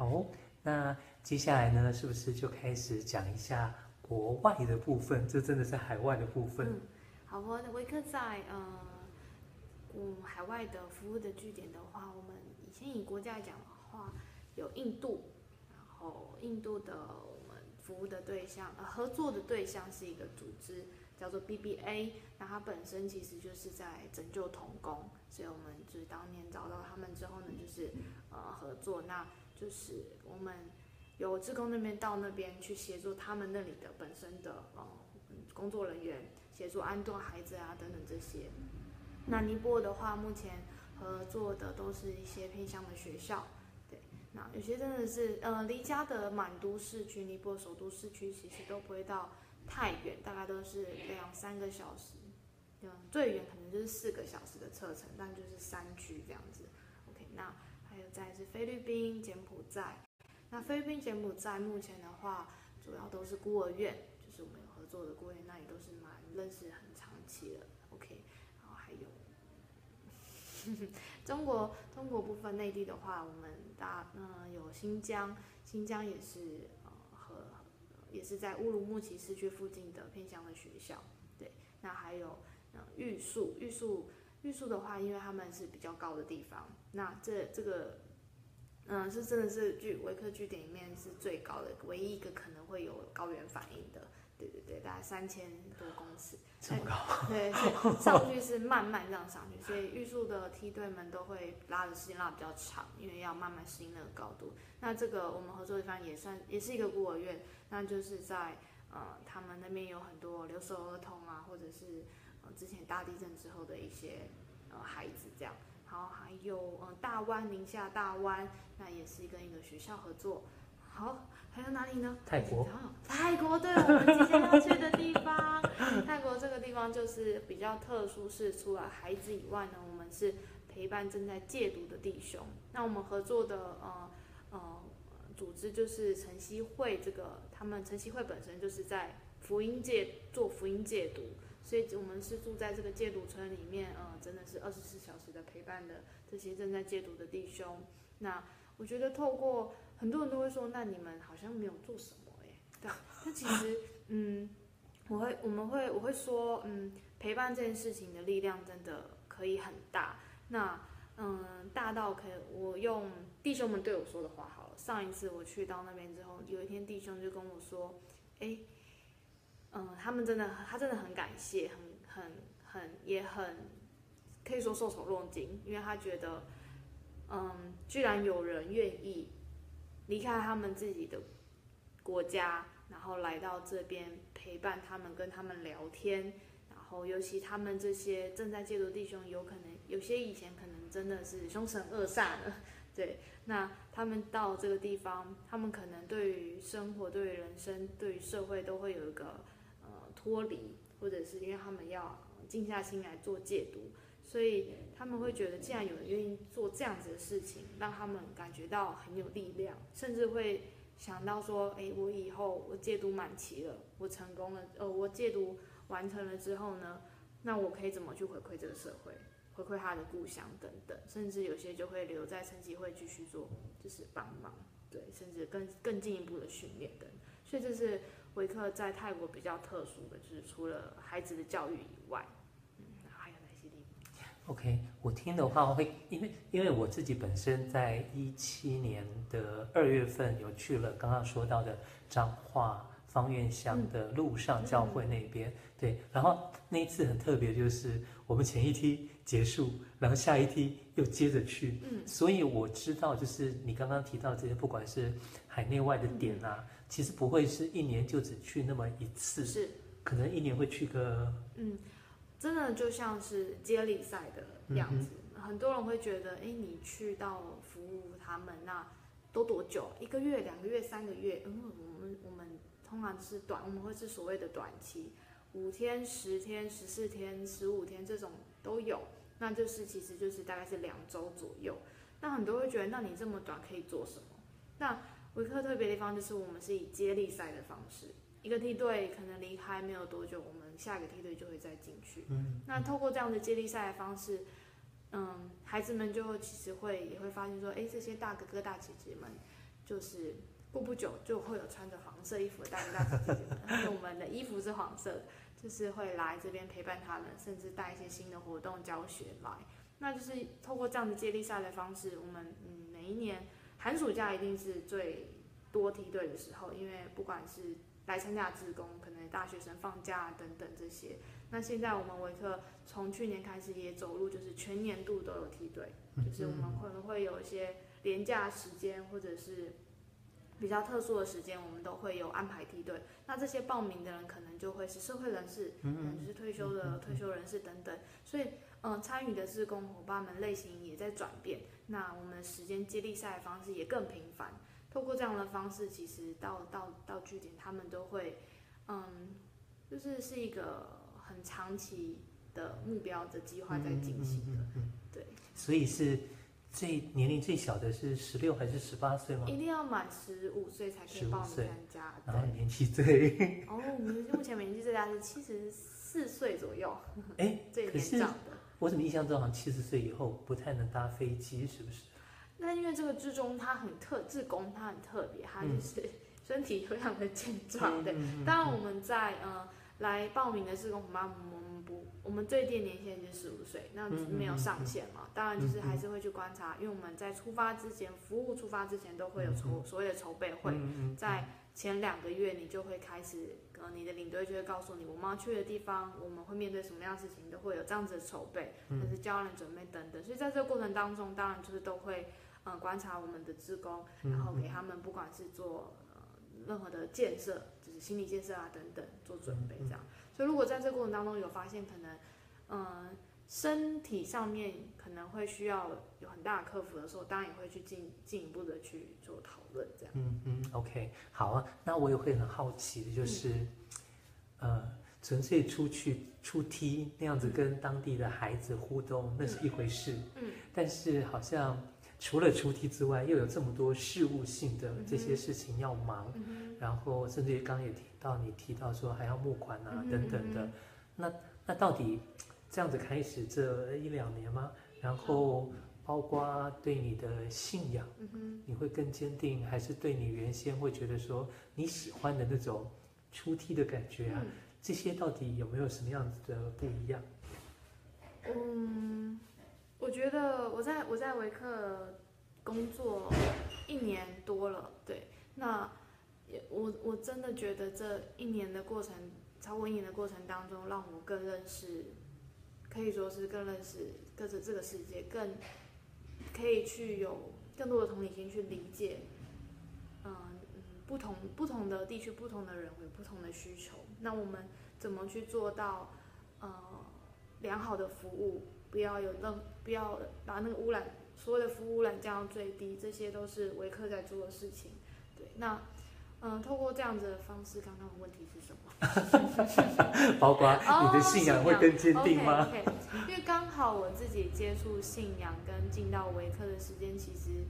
好，那接下來呢，是不是就開始講一下國外的部分？這真的是海外的部分。嗯、好，我們微客在、呃、嗯嗯海外的服務的據點的話，我們以前以國家來講的話，有印度，然後印度的我們服務的對象呃合作的對象是一個組織叫做 BBA，那它本身其實就是在拯救童工，所以我們就是當年找到他們之後呢，就是呃合作那。就是我們有志工那邊到那邊去協助他們那裡的本身的呃工作人員協助安頓孩子啊等等這些。那尼泊爾的話，目前合作的都是一些偏鄉的學校，對。那有些真的是呃離家的滿都市區，尼泊爾首都市區其實都不會到太遠，大概都是兩三個小時。嗯，最遠可能就是四個小時的車程，但就是山區這樣子。OK，那。再是菲律賓、柬埔寨，那菲律賓、柬埔寨目前的話，主要都是孤兒院，就是我們有合作的孤兒院，那也都是蠻認識很長期的。OK，然後還有呵呵中國，中國部分內地的話，我們大那、呃、有新疆，新疆也是呃和也是在烏魯木齊市區附近的偏鄉的學校。對，那還有玉樹，玉、呃、樹，玉樹的話，因為他們是比較高的地方，那這這個。嗯，是真的是據微客據點裡面是最高的，唯一一個可能會有高原反應的。對對對，大概三千多公尺，太高對。對，對 上去是慢慢這樣上去，所以玉樹的梯隊們都會拉的時間拉比較長，因為要慢慢適應那個高度。那這個我們合作的地方也算也是一個孤兒院，那就是在呃他們那邊有很多留守兒童啊，或者是呃之前大地震之後的一些呃孩子這樣。好，還有嗯、呃，大灣寧夏大灣，那也是跟一,一個學校合作。好，還有哪裡呢？泰國，泰國對，我們即將要去的地方。 泰國這個地方就是比較特殊，是除了孩子以外呢，我們是陪伴正在戒毒的弟兄。那我們合作的呃呃組織就是晨曦會，這個他們晨曦會本身就是在福音界做福音戒毒。所以，我們是住在這個戒毒村裡面，呃，真的是二十四小時的陪伴的這些正在戒毒的弟兄。那我覺得，透過很多人都會說，那你們好像沒有做什麼、欸，哎，對。那其實，嗯，我會，我們會，我會說，嗯，陪伴這件事情的力量真的可以很大。那，嗯，大到可以，我用弟兄們對我說的話好了。上一次我去到那邊之後，有一天弟兄就跟我說，哎、欸。嗯，他們真的，他真的很感謝，很很很也很可以說受寵若驚，因為他覺得，嗯，居然有人願意離開他們自己的國家，然後來到這邊陪伴他們，跟他們聊天，然後尤其他們這些正在戒毒弟兄，有可能有些以前可能真的是兇神惡煞了，對，那他們到這個地方，他們可能對於生活、對於人生、對於社會都會有一個。呃，脫離或者是因為他們要靜下心來做戒毒，所以他們會覺得，既然有人願意做這樣子的事情，讓他們感覺到很有力量，甚至會想到說，欸，我以後我戒毒滿期了，我成功了，哦，我戒毒完成了之後呢，那我可以怎麼去回饋這個社會，回饋他的故鄉等等，甚至有些就會留在成績會繼續做，就是幫忙，對，甚至更更進一步的訓練等等，所以這是。微客在泰國比較特殊的就是除了孩子的教育以外，嗯，還有哪些地方？OK，我聽的話會，因為因為我自己本身在一七年的二月份有去了剛剛說到的彰化芳苑鄉的路上教會那邊，嗯嗯、對，然後那一次很特別，就是我們前一梯結束，然後下一梯又接着去，嗯，所以我知道就是你剛剛提到這些，不管是海內外的點啊。嗯其實不會是一年就只去那麼一次，是，可能一年會去個，嗯，真的就像是接力賽的樣子。嗯哼。很多人會覺得，哎，你去到服務他們那、啊、都多多久？一個月、兩個月、三個月？嗯，我們我們通常是短，我們會是所謂的短期，五天、十天、十四天、十五天這種都有。那就是其實就是大概是兩週左右。那很多人會覺得，那你這麼短可以做什麼？那。微客特別的地方就是我們是以接力賽的方式，一個梯隊可能離開沒有多久，我們下一個梯隊就會再進去。嗯嗯、那透過這樣的接力賽的方式，嗯，孩子們就其實會也會發現說，哎，這些大哥哥大姐姐們，就是過不久就會有穿着黃色衣服的大哥大姐姐們， 因為我們的衣服是黃色的，就是會來這邊陪伴他們，甚至帶一些新的活動教學來。那就是透過這樣的接力賽的方式，我們、嗯、每一年。寒暑假一定是最多梯隊的時候，因為不管是來參加志工，可能大學生放假等等這些。那現在我們微客從去年開始也走路，就是全年度都有梯隊，就是我們可能會有一些連假時間或者是，比較特殊的時間，我們都會有安排梯隊。那這些報名的人可能就會是社會人士，嗯，嗯，就是退休的、嗯嗯嗯、退休人士等等。所以，嗯、呃，參與的志工夥伴們類型也在轉變。那我們時間接力賽的方式也更頻繁。透過這樣的方式，其實到到到據點，他們都會，嗯，就是是一個很長期的目標的計劃在進行的。嗯嗯嗯嗯嗯、對。所以是。最年齡最小的是十六還是十八歲嗎？一定要滿十五歲才可以報名參加。歲對然後年紀最……哦，我們 目前年紀最大是七十四歲左右。哎誒，最年長的。可是，我怎麼印象中好像七十歲以後不太能搭飛機，是不是？那因為這個志工，他很特，志工他很特別，他就是身體非常的健壯、嗯、對。當然，我們在嗯、呃、來報名的是跟我們媽。媽我，我們最低年限就是十五歲，那沒有上限嘛？嗯嗯嗯、當然就是還是會去觀察，嗯嗯、因為我們在出發之前，服務出發之前都會有籌所有的籌備會，嗯嗯嗯嗯、在前兩個月你就會開始，呃，你的領隊就會告訴你我們要去的地方，我們會面對什麼樣的事情，都會有這樣子的籌備，嗯、還是教人準備等等。所以在這個過程當中，當然就是都會、呃、觀察我們的志工，然後給他們不管是做、呃、任何的建設。心理建設啊，等等，做準備這樣。嗯嗯、所以如果在這個過程當中有發現可能、呃，身體上面可能會需要有很大的克服的時候，當然也會去進進一步的去做討論這樣。嗯嗯，OK，好啊。那我也會很好奇的就是，嗯、呃，純粹出去出梯那樣子跟當地的孩子互動，嗯、那是一回事。嗯嗯、但是好像。除了出梯之外，又有這麼多事務性的這些事情要忙，嗯嗯、然後甚至於剛剛也提到你提到說還要募款啊、嗯嗯、等等的，那那到底這樣子開始這一兩年嗎？然後包括對你的信仰，嗯、哼你會更堅定，還是對你原先會覺得說你喜歡的那種出梯的感覺啊，嗯、這些到底有沒有什麼樣子的不一樣？嗯。我覺得我在我在微客工作一年多了，對，那也我我真的覺得這一年的過程，超過一年的過程當中，讓我更認識，可以說是更認識，各自這個世界，更可以去有更多的同理心去理解，嗯嗯，不同不同的地區、不同的人有不同的需求，那我們怎麼去做到呃、嗯、良好的服務？不要有任，不要把那個污染，所有的服務污染降到最低，這些都是微客在做的事情。對，那嗯、呃，透過這樣子的方式，剛剛的問題是什麼？包括你的信仰會更堅定嗎？Okay, okay, 因為剛好我自己接觸信仰跟進到微客的時間，其實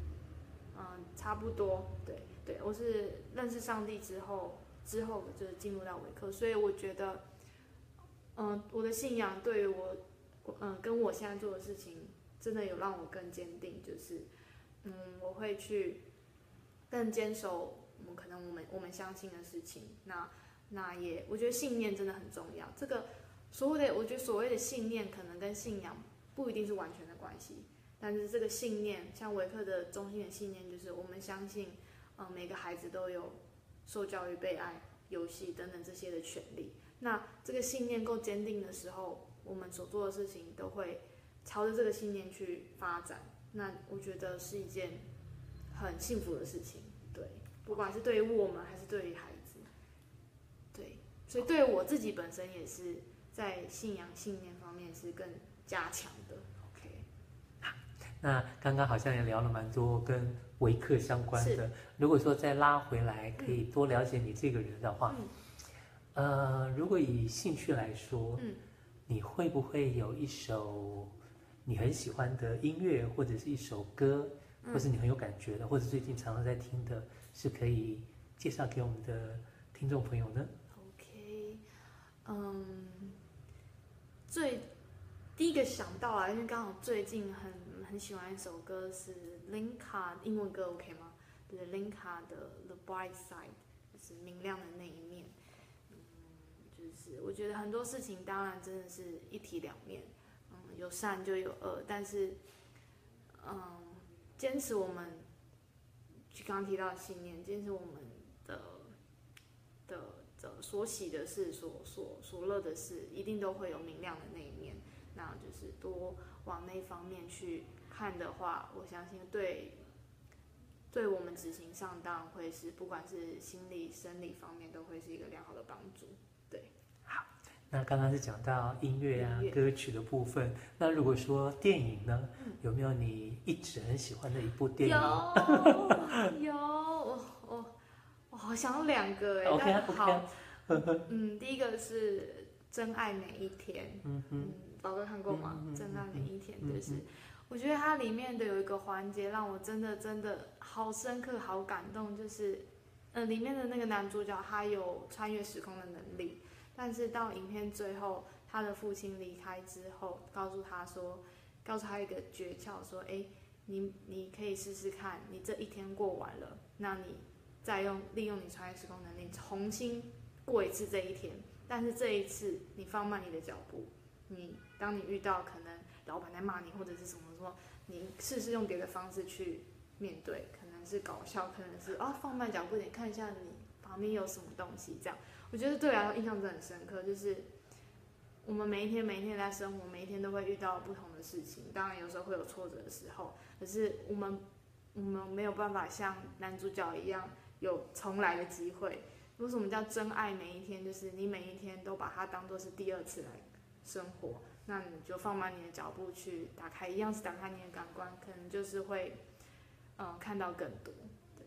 嗯、呃、差不多。對，對我是認識上帝之後，之後就是進入到微客，所以我覺得嗯、呃，我的信仰對於我。嗯，跟我現在做的事情真的有讓我更堅定，就是，嗯，我會去更堅守我、嗯、可能我們我們相信的事情。那那也我覺得信念真的很重要。這個所謂的我覺得所謂的信念，可能跟信仰不一定是完全的關係。但是這個信念，像微客的中心的信念就是我們相信，嗯，每個孩子都有受教育、被愛、遊戲等等這些的權利。那這個信念夠堅定的時候。我們所做的事情都會朝着這個信念去發展，那我覺得是一件很幸福的事情。對，不管是對於我們還是對於孩子，對，所以對我自己本身也是在信仰信念方面是更加強的。OK，okay. 那剛剛好像也聊了蠻多跟微客相關的。是。如果說再拉回來，可以多了解你這個人的話，嗯，呃，如果以興趣來說，嗯。你會不會有一首你很喜歡的音樂，或者是一首歌，或是你很有感覺的，嗯、或者最近常常在聽的，是可以介紹給我們的聽眾朋友呢？OK，嗯，最第一個想到啊，因為剛好最近很很喜歡一首歌是 Linka 英文歌 OK 嗎？對，Linka 的 The Bright Side 就是明亮的那一面。就是我覺得很多事情當然真的是一體兩面，嗯，有善就有惡，但是，嗯，堅持我們，剛剛提到的信念，堅持我們的的的所喜的事，所所所樂的事，一定都會有明亮的那一面。那就是多往那方面去看的話，我相信對對我們執行上當會是，不管是心理、生理方面，都會是一個良好的幫助。對，好，那剛剛是講到音樂啊、歌曲的部分，那如果說電影呢，有沒有你一直很喜歡的一部電影？有，有，我我好想要兩個哎，但好，嗯，第一個是《真愛每一天》，嗯嗯，老哥看過嗎？《真愛每一天》就是，我覺得它裡面的有一個環節讓我真的真的好深刻、好感動，就是。嗯、呃，裡面的那個男主角他有穿越時空的能力，但是到影片最後，他的父親離開之後，告訴他說，告訴他一個訣竅，說，哎、欸，你你可以試試看，你這一天過完了，那你再用利用你穿越時空的能力重新過一次這一天，但是這一次你放慢你的腳步，你當你遇到可能老板在罵你或者是什麼時候，你試試用別的方式去面對。可能是搞笑，可能是啊、哦，放慢腳步，你看一下你旁邊有什麼東西。這樣，我覺得對我來說印象真的很深刻，就是我們每一天每一天在生活，每一天都會遇到不同的事情，當然有時候會有挫折的時候。可是我們我們沒有辦法像男主角一樣有重來的機會。為什麼叫真愛？每一天就是你每一天都把它當做是第二次來生活，那你就放慢你的腳步去打開，一樣是打開你的感官，可能就是會。嗯，看到更多，對，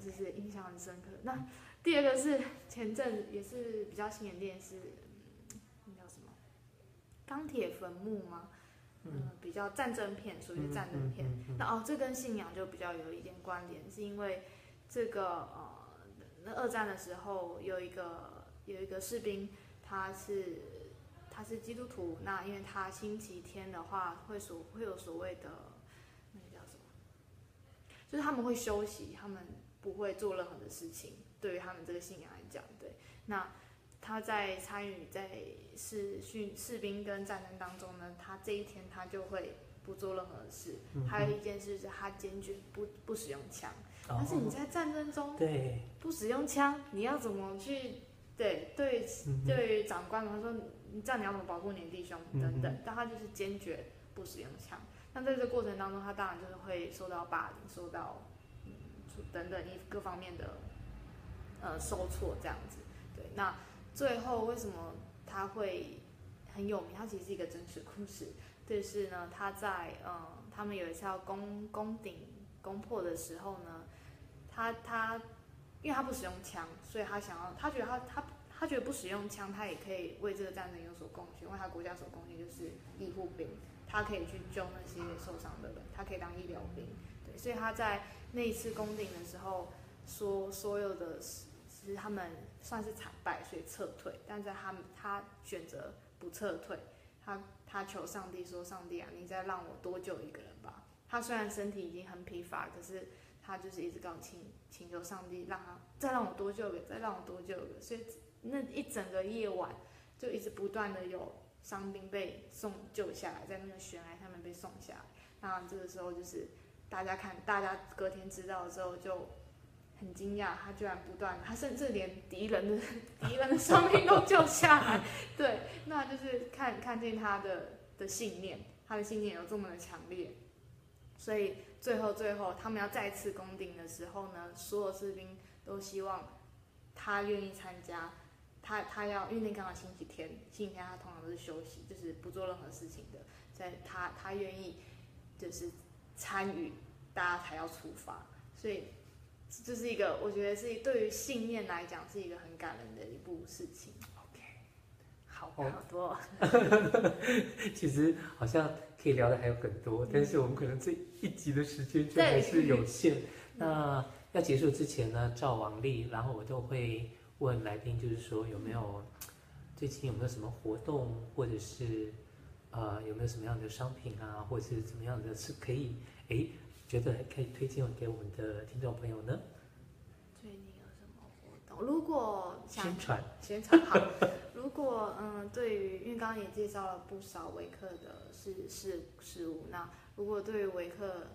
就 Okay. 是印象很深刻。那第二個是前陣也是比較新的電視，那叫什麼《鋼鐵墳墓》嗎？嗯，嗯，比較戰爭片，屬於戰爭片。嗯嗯嗯嗯、那哦，這跟信仰就比較有一點關聯，是因為這個呃，那二戰的時候有一個有一個士兵，他是他是基督徒，那因為他星期天的話會所會有所謂的。就是他們會休息，他們不會做任何的事情。對於他們這個信仰來講，對。那他在參與在受訓士兵跟戰爭當中呢，他這一天他就會不做任何的事。還、嗯、哼有一件事是他堅決不不使用槍。但是你在戰爭中，哦、對，不使用槍，你要怎麼去對對對,於、嗯、哼對於長官？他說，你這樣你要怎麼保護你的弟兄、嗯、哼等等，嗯、哼但他就是堅決不使用槍。那在這個過程當中，他當然就是會受到霸凌，受到、嗯、等等一各方面的呃受挫這樣子。對，那最後為什麼他會很有名？他其實是一個真實故事，就是呢，他在嗯、呃，他們有一次要攻攻頂攻破的時候呢，他他因為他不使用槍，所以他想要，他覺得他他他覺得不使用槍，他也可以為這個戰爭有所貢獻，為他國家所貢獻就是醫護兵。他可以去救那些受傷的人，他可以當醫療兵，對，所以他在那一次攻頂的時候，說所有的其實他們算是慘敗，所以撤退。但在他們，他選擇不撤退，他他求上帝說：“上帝啊，你再讓我多救一個人吧。”他雖然身體已經很疲乏，可是他就是一直告訴我請請求上帝讓他再讓我多救一個，再讓我多救一個。所以那一整個夜晚就一直不斷的有。傷兵被送救下來，在那個懸崖上面被送下來。那這個時候就是大家看，大家隔天知道了之後，就很驚訝，他居然不斷，他甚至連敵人的敵人的傷兵都救下來。對，那就是看看見他的的信念，他的信念有這麼的強烈。所以最後最後，他們要再次攻頂的時候呢，所有士兵都希望他願意參加。他他要，因為那剛好星期天，星期天他通常是休息，就是不做任何事情的，在他他願意，就是參與，大家才要出發，所以這，就是一個我覺得是對於信念來講是一個很感人的一部事情。OK，好，好多。Oh. 其實好像可以聊的還有很多，嗯、但是我們可能這一集的時間還是有限。嗯、那要結束之前呢，照往例，然後我都會。問來賓就是說有沒有最近有沒有什麼活動，或者是呃有沒有什麼樣的商品啊，或者是怎麼樣的是可以誒覺得還可以推薦給我們的聽眾朋友呢？最近有什麼活動？如果想宣傳宣傳好，如果嗯對於因為剛剛也介紹了不少微客的事事事物，那如果對於微客。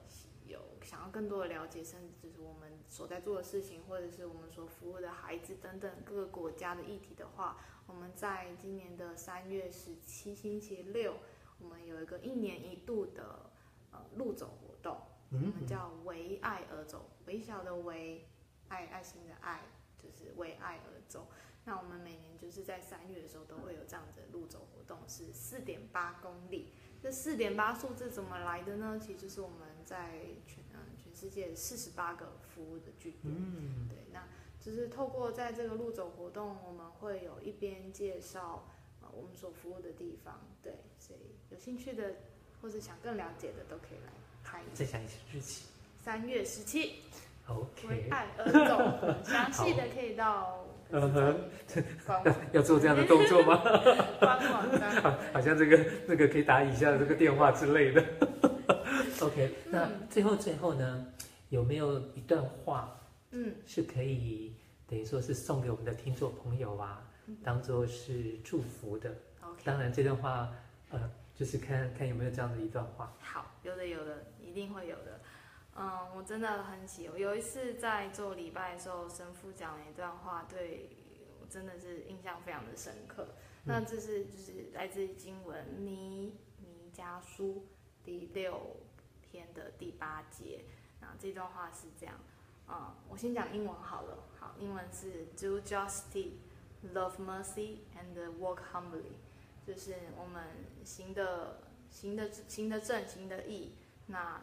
有想要更多的了解，甚至就是我們所在做的事情，或者是我們所服務的孩子等等各個國家的議題的話，我們在今年的三月十七星期六，我們有一個一年一度的呃路走活動，我們叫為愛而走，微小的為愛，愛心的愛，就是為愛而走。那我們每年就是在三月的時候都會有這樣的路走活動，是四點八公里。這四點八數字怎麼來的呢？其實就是我們。在全世界四十八個服務的據點。嗯，嗯，嗯對，那就是透過在這個路走活動，我們會有一邊介紹我們所服務的地方，對，所以有興趣的或者想更了解的都可以來看一下，再想一些日期，三月十七，OK，為愛而走，很詳細的可以到嗯，要做這樣的動作嗎？發廣告， 好，好像這個那個可以打以下這個電話之類的。 OK，那最後最後呢，嗯、有沒有一段話，嗯，是可以、嗯、等於說是送給我們的聽眾朋友啊，嗯、當做是祝福的。OK，當然這段話，呃，就是看看有沒有這樣的一段話。好，有的有的，一定會有的。嗯，我真的很喜歡。有一次在做禮拜的時候，神父講了一段話，對我真的是印象非常的深刻。嗯、那這是就是來自於經文《尼尼迦書》第六。天的第八節，那這段話是這樣，啊、嗯，我先講英文好了。好，英文是 Do justice, love mercy, and walk humbly。就是我們行的行的行的正，行的義，那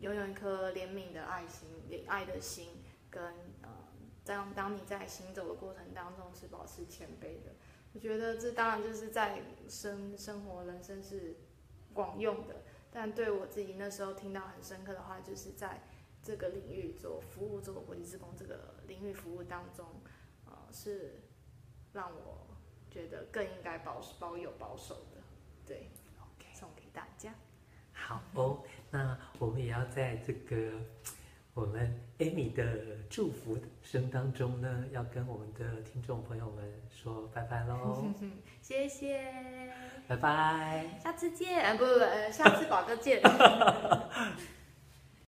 擁有一顆憐憫的愛心，愛的心，跟呃、嗯，當當你在行走的過程當中是保持謙卑的。我覺得這當然就是在生生活人生是廣用的。但對我自己那時候聽到很深刻的話，就是在這個領域做服務，做國際志工這個領域服務當中，呃，是讓我覺得更應該保保有保守的。對 Okay. 送給大家。好，哦，那我們也要在這個。我們 Amy 的祝福聲當中呢，要跟我們的聽眾朋友們說拜拜嘍！謝謝，拜拜，下次見！不、啊、不不，下次寶哥見！